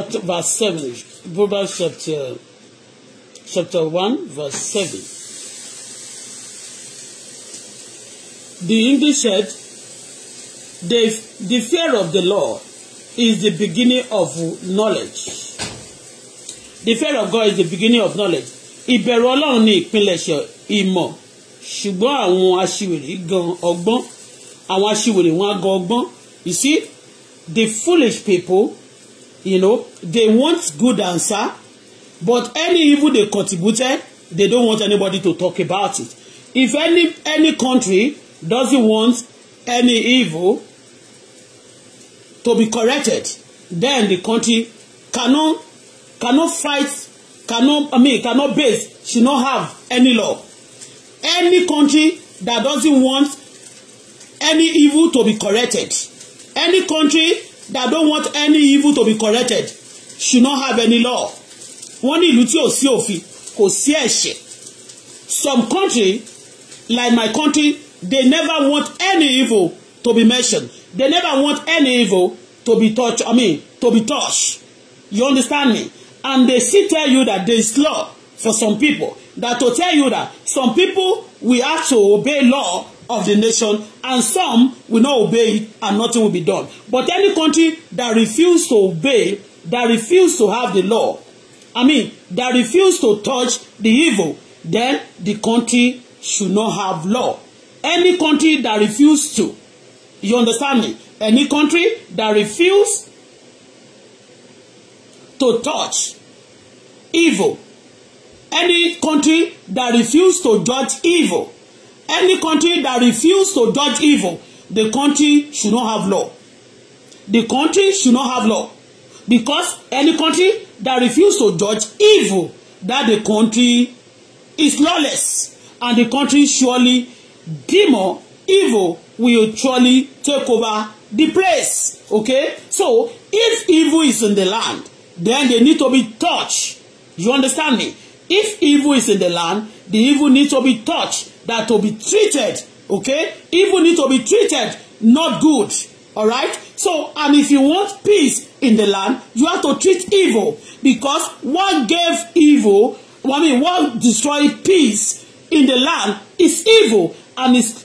Chapter verse seven, Proverbs chapter chapter one verse seven. The English said, the, the fear of the law is the beginning of knowledge the fear of God is the beginning of knowledge ìbẹ̀rù ọlọ́run ni ìpilẹ̀ṣẹ̀ ìmọ̀ ṣùgbọ́n àwọn aṣiwèrè gan ọgbọ́n àwọn aṣiwèrè wọn gan ọgbọ́n you see the foolish people you know they want good answer but any evil they contributed they don't want anybody to talk about it if any any country doesn't want any evil to be corrected then the country cannot cannot fight, cannot, I mean, cannot base, She not have any law. Any country that doesn't want any evil to be corrected, any country that don't want any evil to be corrected, should not have any law. Wọ́n ní ìlú tí ò sí òfin, kò sí ẹ̀ṣẹ̀. Some country, like my country, they never want any evil to be mentioned. They never want any evil to be touched, I mean, to be touched. You understand me? and they still tell you that there is law for some people that to tell you that some people will have to obey law of the nation and some will not obey it and nothing will be done but any country that refuse to obey that refuse to have the law I mean that refuse to touch the evil then the country should not have law any country that refuse to you understand me any country that refuse to touch evil. Any country that refuses to judge evil, any country that refuses to judge evil, the country should not have law. The country should not have law. Because any country that refuses to judge evil, that the country is lawless. And the country surely, demo evil, will surely take over the place. Okay? So, if evil is in the land, then they need to be touched. You understand me? If evil is in the land, the evil needs to be touched, that to be treated, okay? Evil needs to be treated, not good, all right? So, and if you want peace in the land, you have to treat evil because what gave evil, I mean, what destroyed peace in the land is evil and it's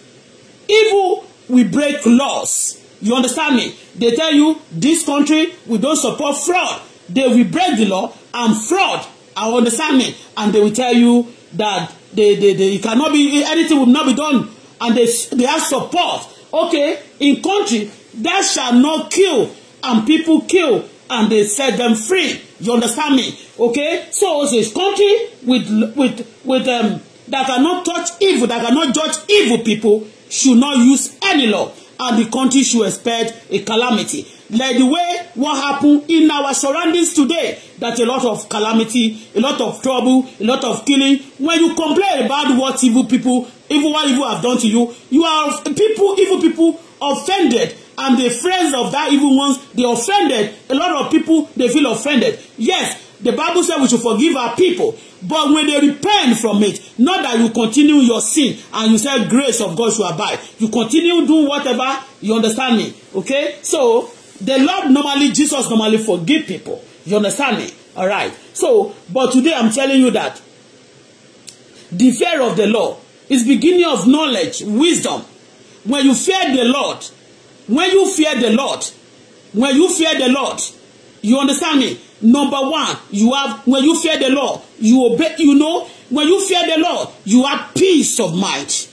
evil We break laws. You understand me? They tell you, this country, we don't support fraud they will break the law and fraud our understanding and they will tell you that they they they it cannot be anything will not be done and they they have support okay in country that shall not kill and people kill and they set them free you understand me okay so it's country with with with um that cannot touch evil that cannot judge evil people should not use any law and the country should expect a calamity like the way what happened in our surroundings today that a lot of calamity a lot of trouble a lot of killing when you complain about what evil people even what evil have done to you you are people evil people offended and the friends of that evil ones they offended a lot of people they feel offended yes the Bible said we should forgive our people but when they repent from it not that you continue your sin and you say grace of God should abide you continue do whatever you understand me okay so the Lord normally, Jesus normally forgive people. You understand me? All right. So, but today I'm telling you that the fear of the Lord is beginning of knowledge, wisdom. When you fear the Lord, when you fear the Lord, when you fear the Lord, you understand me? Number one, you have when you fear the Lord, you obey, you know, when you fear the Lord, you have peace of mind.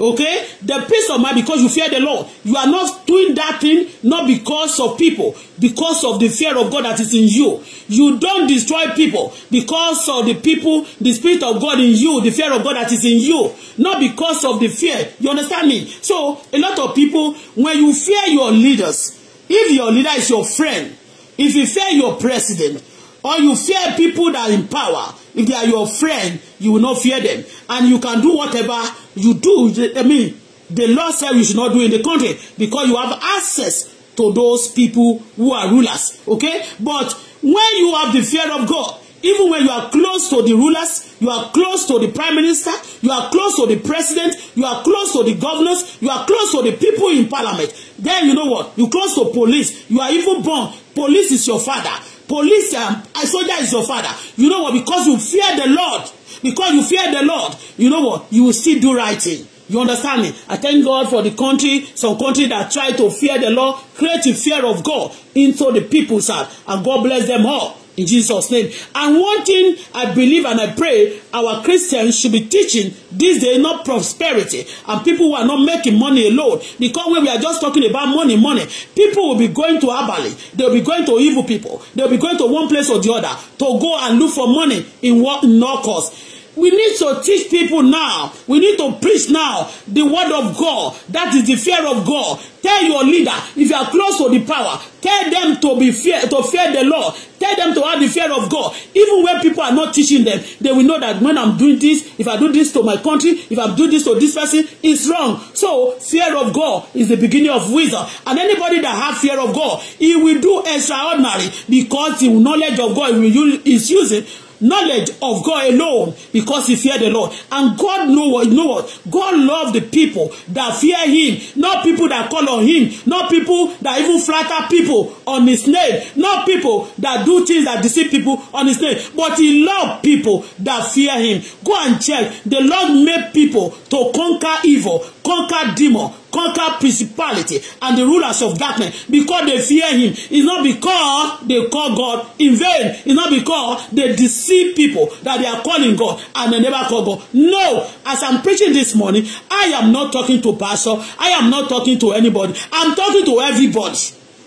Okay? The peace of mind because you fear the Lord. You are not doing that thing not because of people, because of the fear of God that is in you. You don't destroy people because of the people, the spirit of God in you, the fear of God that is in you, not because of the fear. You understand me? So, a lot of people, when you fear your leaders, if your leader is your friend, if you fear your president, or you fear people that are in power if they are your friend you will not fear them and you can do whatever you do I mean the law says you should not do in the country because you have access to those people who are rulers okay but when you have the fear of God even when you are close to the rulers you are close to the prime minister you are close to the president you are close to the governors you are close to the people in parliament then you know what you close to police you are even born police is your father police and soldier is your father you know what because you fear the Lord because you fear the Lord you know what you will still do right thing you understand me I thank God for the country some country that try to fear the law, create a fear of God into the people's heart and God bless them all in Jesus' name. And one thing I believe and I pray our Christians should be teaching this day, not prosperity, and people who are not making money alone. Because when we are just talking about money, money, people will be going to Abali, they'll be going to evil people, they'll be going to one place or the other to go and look for money in what in all costs. We need to teach people now. We need to preach now the word of God. That is the fear of God. Tell your leader, if you are close to the power, tell them to be fear, to fear the law. Tell them to have the fear of God. Even when people are not teaching them, they will know that when I'm doing this, if I do this to my country, if I do this to this person, it's wrong. So fear of God is the beginning of wisdom. And anybody that has fear of God, he will do extraordinary because the knowledge of God will use, is using knowledge of God alone because he feared the Lord. And God know what, know what? God loved the people that fear him, not people that call on him, not people that even flatter people on his name, not people that do things that deceive people on his name. But he loved people that fear him. Go and check. The Lord made people to conquer evil conquer demon, conquer principality and the rulers of darkness because they fear him. It's not because they call God in vain. It's not because they deceive people that they are calling God and they never call God. No, as I'm preaching this morning, I am not talking to pastor. I am not talking to anybody. I'm talking to everybody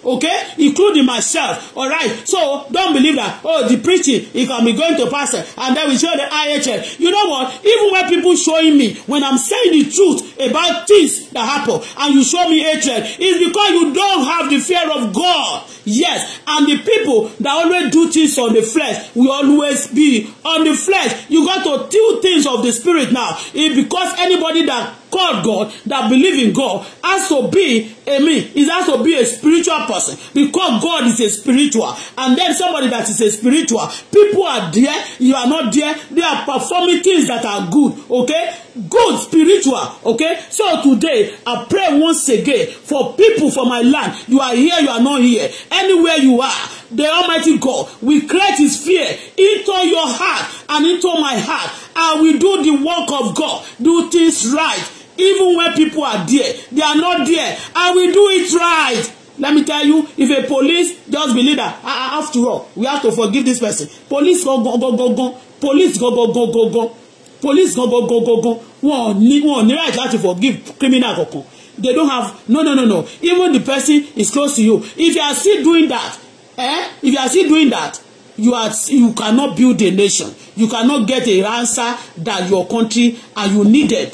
okay including myself all right so don't believe that oh the preaching he can be going to pastor and then we show the IHL you know what even when people showing me when I'm saying the truth about things that happen and you show me hatred it's because you don't have the fear of God yes and the people that always do things on the flesh will always be on the flesh you got to do things of the spirit now it because anybody that called God, that believe in God, has to be a me. It has to be a spiritual person because God is a spiritual. And then somebody that is a spiritual, people are there, you are not there. They are performing things that are good, okay? Good spiritual, okay? So today, I pray once again for people from my land. You are here, you are not here. Anywhere you are, the Almighty God will create His fear into your heart and into my heart. I will do the work of God. Do things right Even when people are there, they are not there. I will do it right. Let me tell you, if a police just believe that, after all, we have to forgive this person. Police go go go go go. Police go go go go go. Police go go go go go. Wọ́n ní wọ́n ní right láti forgive criminal kankan. They don't have no no no no. Even the person is close to you. If you are still doing that, eh? If you are still doing that, you are you cannot build a nation. You cannot get a answer that your country are you needed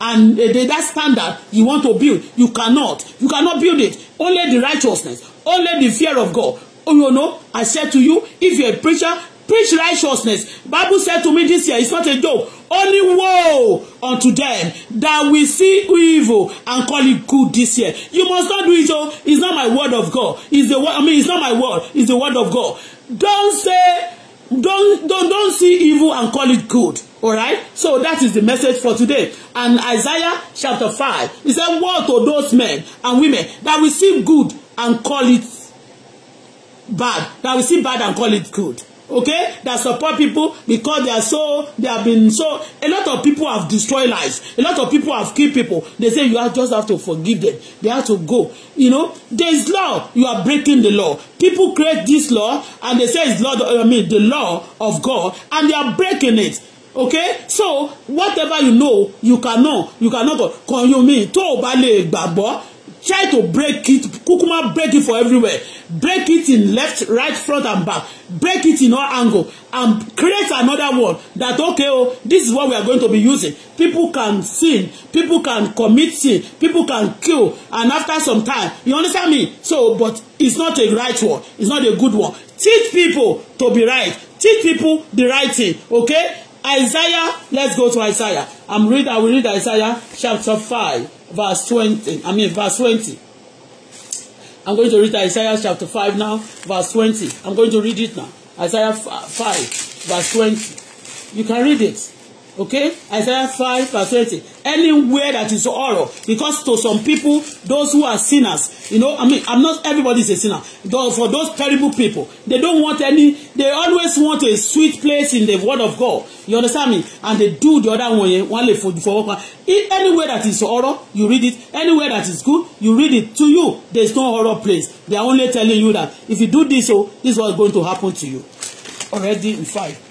and uh, that standard you want to build you cannot you cannot build it only the righteousness only the fear of God oh, you know I said to you if you're a preacher preach righteousness Bible said to me this year it's not a joke only woe unto them that we see evil and call it good this year you must not do it oh it's not my word of God it's the word I mean it's not my word it's the word of God don't say don't don't don't see evil and call it good all right so that is the message for today and Isaiah chapter five he said woe to those men and women that will see good and call it bad that will see bad and call it good okay that support people because they are so they have been so a lot of people have destroyed lives a lot of people have killed people they say you have, just have to forgive them they have to go you know there is law you are breaking the law people create this law and they say it's law I mean the law of God and they are breaking it okay so whatever you know you can know. you cannot go kan you mean o bá lè gbàgbọ́ try to break it kukuma break it for everywhere break it in left right front and back break it in all angle and create another one that okay oh this is what we are going to be using people can sin people can commit sin people can kill and after some time you understand me so but it's not a right one it's not a good one teach people to be right teach people the right thing okay Isaiah let's go to Isaiah I'm read I will read Isaiah chapter five verse 20. I mean, verse 20. I'm going to read Isaiah chapter 5 now, verse 20. I'm going to read it now. Isaiah 5, verse 20. You can read it okay Isaiah 5 verse 20 anywhere that is horror because to some people those who are sinners you know I mean I'm not everybody is a sinner though for those terrible people they don't want any they always want a sweet place in the word of God you understand me and they do the other one yẹn wọn for fọwọ́ pa anywhere that is horror you read it anywhere that is good you read it to you there is no horror place they are only telling you that if you do this oh, this is what is going to happen to you already in five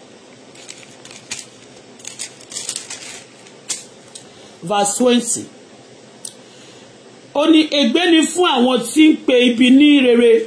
verse twenty ó ní ègbé ni fún àwọn tí ń pe ibi ní rere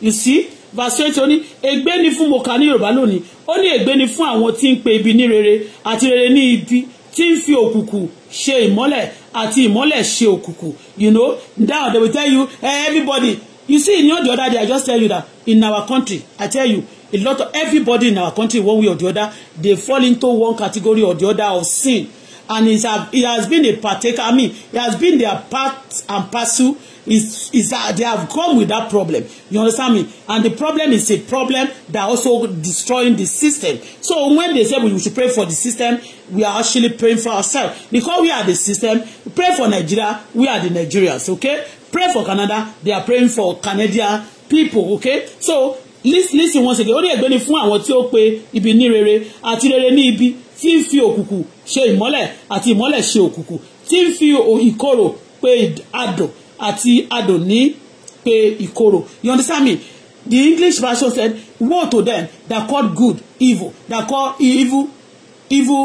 you see verse twenty ó ní ègbé ni fún mo kà ní yorùbá lónìí ó ní ègbé ni fún àwọn tí ń pe ibi ní rere àti rere ní ibi tí ń fi òkùnkùn ṣe ìmọ́lẹ̀ àti ìmọ́lẹ̀ ṣe òkùnkùn you know now they will tell you everybody you see in the other they I just tell you that in our country I tell you a lot of everybody in our country one way or the other they fall into one category or the other of sin and it has been a partaker I mean it has been their part and parcel is is that they have come with that problem you understand me and the problem is a problem that also destroying the system so when they say we should pray for the system we are actually praying for ourselves because we are the system pray for Nigeria we are the Nigerians okay pray for Canada they are praying for Canadian people okay so listen listen once again ó ní ẹgbẹ́ fún àwọn tí ó pe ibi ní rere àti rere ní ibi tí òkùnkùn ṣe ìmọ́lẹ̀ àti ìmọ́lẹ̀ ṣe òkùnkùn tí ń fi ìkorò pé adùn àti adùn ní pé ìkorò you understand me the English version said woe to them that call good evil that call evil evil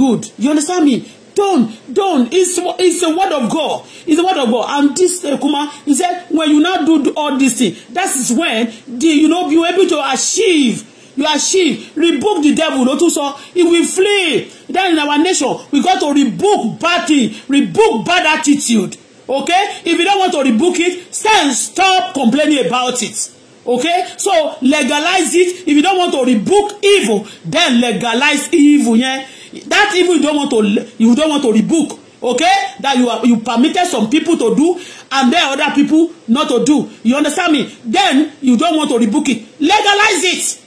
good you understand me don't don't it's it's a word of God it's a word of God and this uh, Kuma he said when you now do all these things, that is when the you know you able to achieve you are she rebuke the devil ló tún sọ he will flee then in our nation we got to rebuke bad thing rebuke bad attitude okay if you don't want to rebuke it stand stop complaining about it okay so legalize it if you don't want to rebuke evil then legalize evil yẹn yeah? that evil you don't want to you don't want to rebuke okay that you are you permitted some people to do and then other people not to do you understand me then you don't want to rebuke it legalize it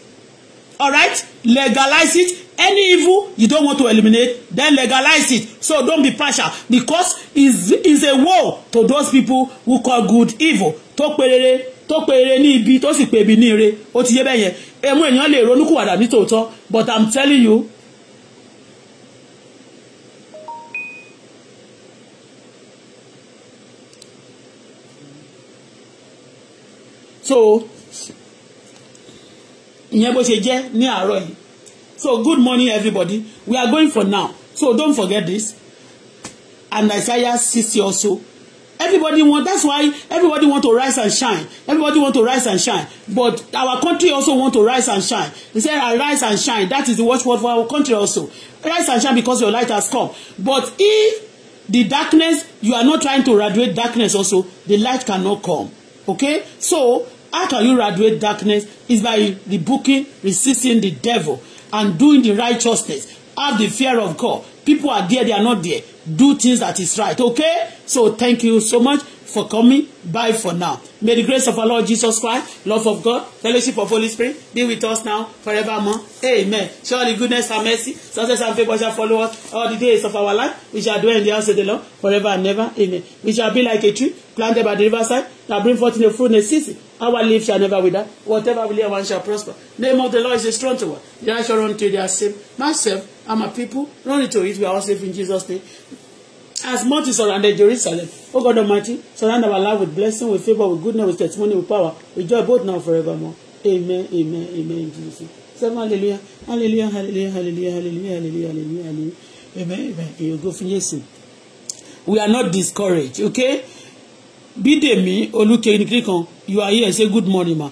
all right legalize it any evil you don't want to eliminate then legalize it so don't be partial because is is a war to those people who call good evil tó perere tó perere ni ibi tó si pebi ní ire ó ti yé bẹ́ẹ̀ yẹn ẹmu èèyàn lè ronúkúwàdà ní tòótọ́ but i'm telling you so ìyẹn bó ṣe jẹ́ ní àárọ̀ yìí so good morning everybody we are going for now so don't forget this and Isaiah sixty also everybody want that's why everybody want to rise and shine everybody want to rise and shine but our country also want to rise and shine he I rise and shine that is the watchword for our country also rise and shine because your light has come but if the darkness you are not trying to radiate darkness also the light cannot come okay so How can you radiate darkness? Is by rebuking, resisting the devil, and doing the righteousness. Have the fear of God. People are there, they are not there. Do things that is right, okay? So thank you so much for coming. Bye for now. May the grace of our Lord Jesus Christ, love of God, fellowship of Holy Spirit be with us now forevermore. Amen. Surely goodness and mercy, success and favor shall follow us all the days of our life. We shall dwell in the house of the Lord forever and ever. Amen. We shall be like a tree planted by the riverside that bring forth in the fruit in the season Our life shall never wither. Whatever we lay one shall prosper. Name of the Lord is a strong tower. They I shall run to their safe. Myself and my people, run into it. We are all safe in Jesus' name. As much as surrounded Jerusalem, O God Almighty, surround our life with blessing, with favor, with goodness, with testimony, with power, with joy, both now and forevermore. Amen, amen, amen, in Jesus' name. Seven, hallelujah, hallelujah, hallelujah, hallelujah, hallelujah, hallelujah, hallelujah, Amen, amen. You go for Jesus. We are not discouraged, okay? Bídèmí Olúkẹ́ni kan you are here say good morning ma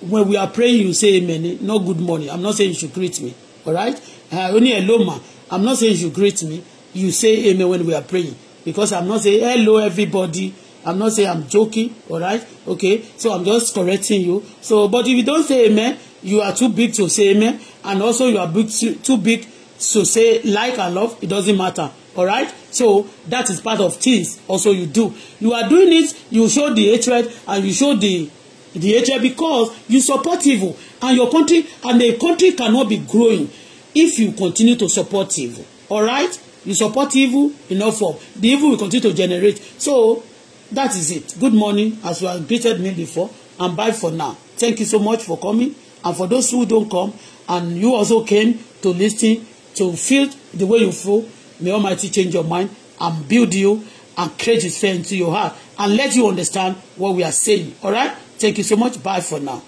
when we are praying you say amen eh? no good morning I'm not saying you should greet me alright uh, only hello ma I'm not saying you should greet me you say amen when we are praying because I'm not saying hello everybody I'm not saying I'm joking All right. okay so I'm just correcting you so but if you don't say amen you are too big to say amen and also you are big too, too big so say like and love it doesn't matter all right so that is part of things also you do you are doing it you show the hatred and you show the the hatred because you support evil and your country and the country cannot be growing if you continue to support evil all right you support evil enough for the evil will continue to generate so that is it good morning as you have greeted me before and bye for now thank you so much for coming and for those who don't come and you also came to listen to feel the way you feel. May Almighty change your mind and build you and create His faith into your heart and let you understand what we are saying. All right? Thank you so much. Bye for now.